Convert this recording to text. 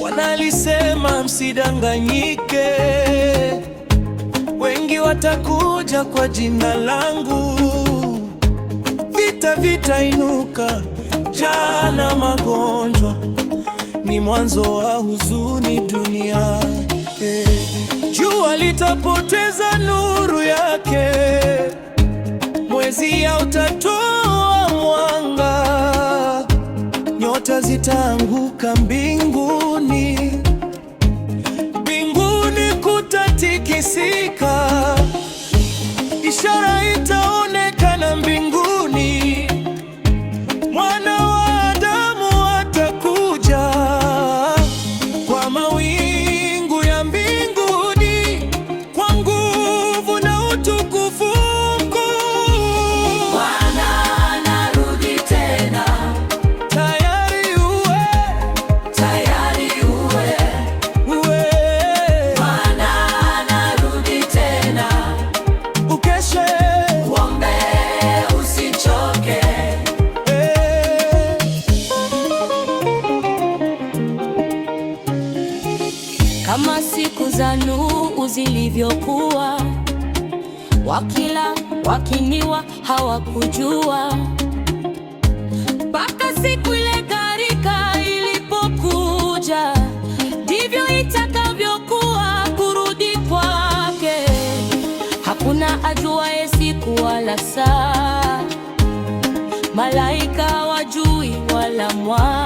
wanalisema msidanganyike, wengi watakuja kwa jina langu. Vita vitainuka, njaa na magonjwa ni mwanzo wa huzuni dunia. Eh, jua litapoteza nuru yake, mwezi hautatoa mwanga, nyota zitaanguka mbinguni, mbinguni kutatikisika, ishara kama siku za Nuhu zilivyokuwa, wakila wakiniwa hawakujua, mpaka siku ile gharika ilipokuja, ndivyo itakavyokuwa kurudi kwake. Hakuna ajuaye siku wala saa, malaika wajui wala mwa